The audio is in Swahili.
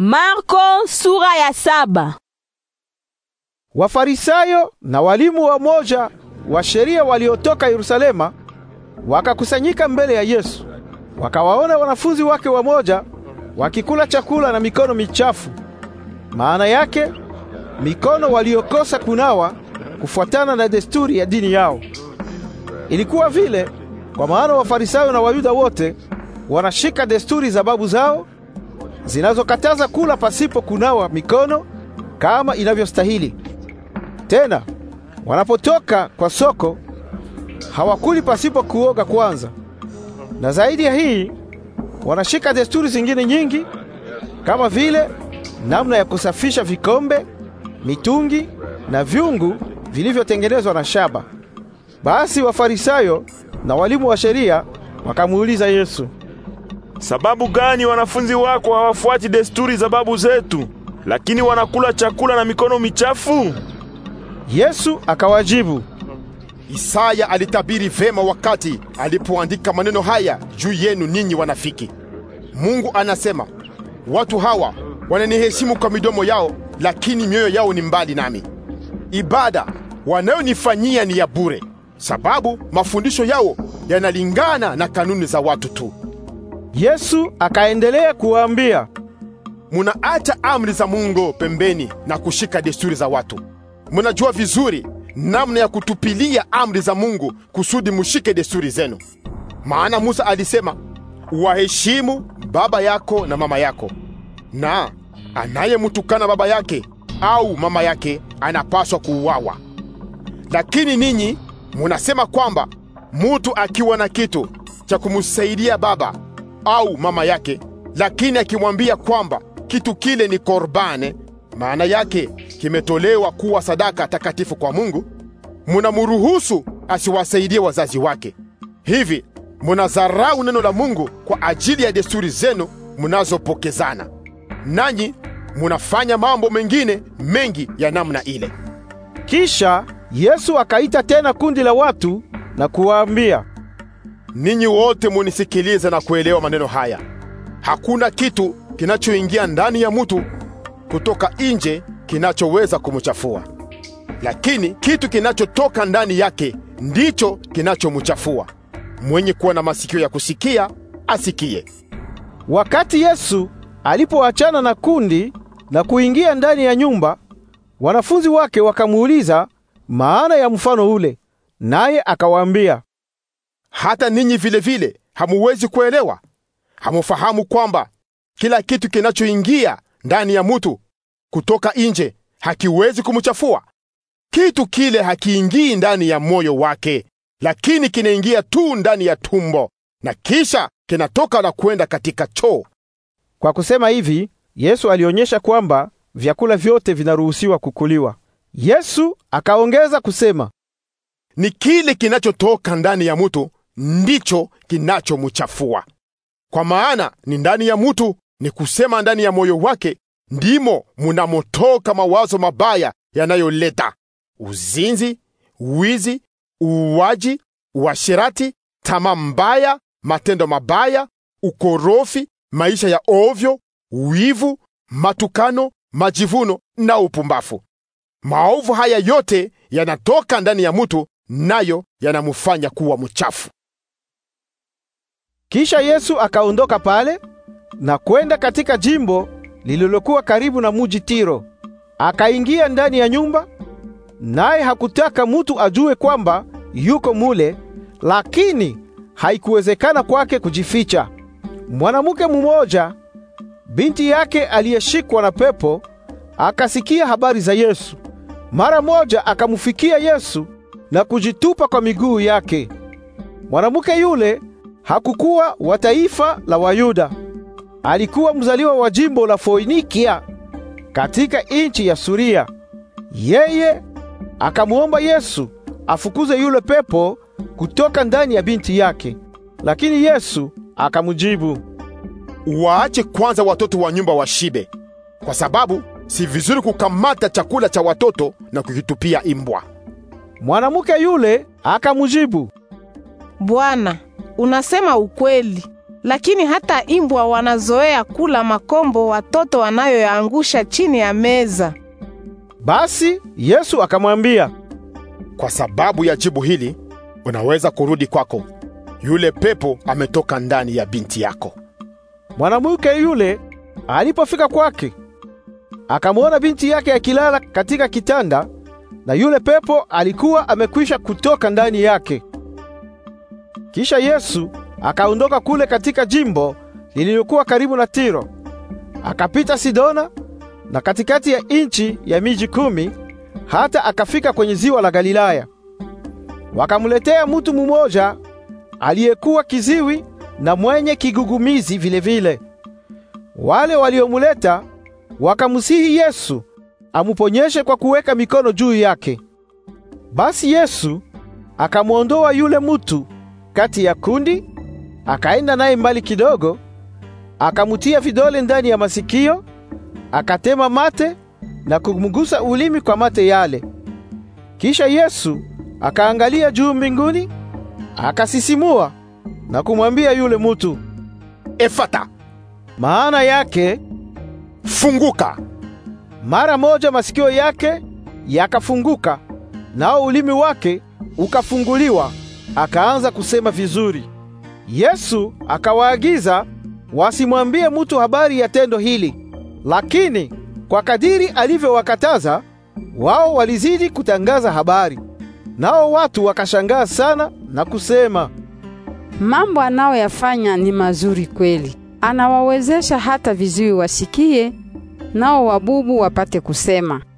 Marko sura ya saba. Wafarisayo na walimu wa moja wa sheria waliotoka Yerusalema wakakusanyika mbele ya Yesu. Wakawaona wanafunzi wake wa moja wakikula chakula na mikono michafu. Maana yake mikono waliokosa kunawa kufuatana na desturi ya dini yao. Ilikuwa vile kwa maana Wafarisayo na Wayuda wote wanashika desturi za babu zao zinazokataza kula pasipo kunawa mikono kama inavyostahili. Tena wanapotoka kwa soko hawakuli pasipo kuoga kwanza, na zaidi ya hii wanashika desturi zingine nyingi kama vile namna ya kusafisha vikombe, mitungi na vyungu vilivyotengenezwa na shaba. Basi Wafarisayo na walimu wa sheria wakamuuliza Yesu, Sababu gani wanafunzi wako hawafuati desturi za babu zetu, lakini wanakula chakula na mikono michafu? Yesu akawajibu, Isaya alitabiri vema wakati alipoandika maneno haya juu yenu ninyi wanafiki. Mungu anasema, watu hawa wananiheshimu kwa midomo yao, lakini mioyo yao ni mbali nami. Ibada wanayonifanyia ni ya bure, sababu mafundisho yao yanalingana na kanuni za watu tu. Yesu akaendelea kuwaambia, munaacha amri za Mungu pembeni na kushika desturi za watu. Munajua vizuri namna ya kutupilia amri za Mungu kusudi mushike desturi zenu. Maana Musa alisema, waheshimu baba yako na mama yako, na anayemutukana baba yake au mama yake anapaswa kuuawa. Lakini ninyi munasema kwamba mutu akiwa na kitu cha kumsaidia baba au mama yake, lakini akimwambia kwamba kitu kile ni korbane, maana yake kimetolewa kuwa sadaka takatifu kwa Mungu, munamuruhusu asiwasaidie wazazi wake. Hivi munadharau neno la Mungu kwa ajili ya desturi zenu munazopokezana, nanyi munafanya mambo mengine mengi ya namna ile. Kisha Yesu akaita tena kundi la watu na kuwaambia, ninyi wote munisikilize na kuelewa maneno haya. Hakuna kitu kinachoingia ndani ya mtu kutoka nje kinachoweza kumchafua, lakini kitu kinachotoka ndani yake ndicho kinachomchafua. Mwenye kuwa na masikio ya kusikia asikie. Wakati Yesu alipoachana na kundi na kuingia ndani ya nyumba, wanafunzi wake wakamuuliza maana ya mfano ule, naye akawaambia, hata ninyi vile vile hamuwezi kuelewa? Hamufahamu kwamba kila kitu kinachoingia ndani ya mtu kutoka nje hakiwezi kumchafua? Kitu kile hakiingii ndani ya moyo wake, lakini kinaingia tu ndani ya tumbo na kisha kinatoka na kwenda katika choo. Kwa kusema hivi, Yesu alionyesha kwamba vyakula vyote vinaruhusiwa kukuliwa. Yesu akaongeza kusema, ni kile kinachotoka ndani ya mtu ndicho kinachomchafua. Kwa maana ni ndani ya mtu, ni kusema ndani ya moyo wake, ndimo munamotoka mawazo mabaya yanayoleta uzinzi, wizi, uuaji, uasherati, tamaa mbaya, matendo mabaya, ukorofi, maisha ya ovyo, wivu, matukano, majivuno na upumbafu. Maovu haya yote yanatoka ndani ya mtu, nayo yanamfanya kuwa mchafu. Kisha Yesu akaondoka pale na kwenda katika jimbo lililokuwa karibu na muji Tiro. Akaingia ndani ya nyumba, naye hakutaka mutu ajue kwamba yuko mule, lakini haikuwezekana kwake kujificha. Mwanamke mmoja binti yake aliyeshikwa na pepo akasikia habari za Yesu. Mara moja akamfikia Yesu na kujitupa kwa miguu yake. Mwanamke yule hakukuwa wa taifa la Wayuda. Alikuwa mzaliwa wa jimbo la Foinikia katika nchi ya Suria. Yeye akamwomba Yesu afukuze yule pepo kutoka ndani ya binti yake, lakini Yesu akamjibu, waache kwanza watoto wa nyumba washibe, kwa sababu si vizuri kukamata chakula cha watoto na kukitupia imbwa. Mwanamke yule akamjibu, Bwana, Unasema ukweli, lakini hata imbwa wanazoea kula makombo watoto wanayoyaangusha chini ya meza. Basi Yesu akamwambia, kwa sababu ya jibu hili unaweza kurudi kwako. Yule pepo ametoka ndani ya binti yako. Mwanamke yule alipofika kwake, akamwona binti yake akilala katika kitanda, na yule pepo alikuwa amekwisha kutoka ndani yake. Kisha Yesu akaondoka kule katika jimbo lililokuwa karibu na Tiro, akapita Sidona na katikati ya nchi ya miji kumi, hata akafika kwenye ziwa la Galilaya. Wakamletea mtu mmoja aliyekuwa kiziwi na mwenye kigugumizi vilevile. Wale waliomuleta wakamsihi Yesu amuponyeshe kwa kuweka mikono juu yake. Basi Yesu akamwondoa yule mtu kati ya kundi, akaenda naye mbali kidogo, akamutia vidole ndani ya masikio, akatema mate na kumgusa ulimi kwa mate yale. Kisha Yesu akaangalia juu mbinguni, akasisimua na kumwambia yule mutu, Efata, maana yake funguka. Mara moja masikio yake yakafunguka, nao ulimi wake ukafunguliwa akaanza kusema vizuri. Yesu akawaagiza wasimwambie mtu habari ya tendo hili, lakini kwa kadiri alivyowakataza wao walizidi kutangaza habari, nao watu wakashangaa sana na kusema, mambo anayoyafanya ni mazuri kweli, anawawezesha hata viziwi wasikie, nao wabubu wapate kusema.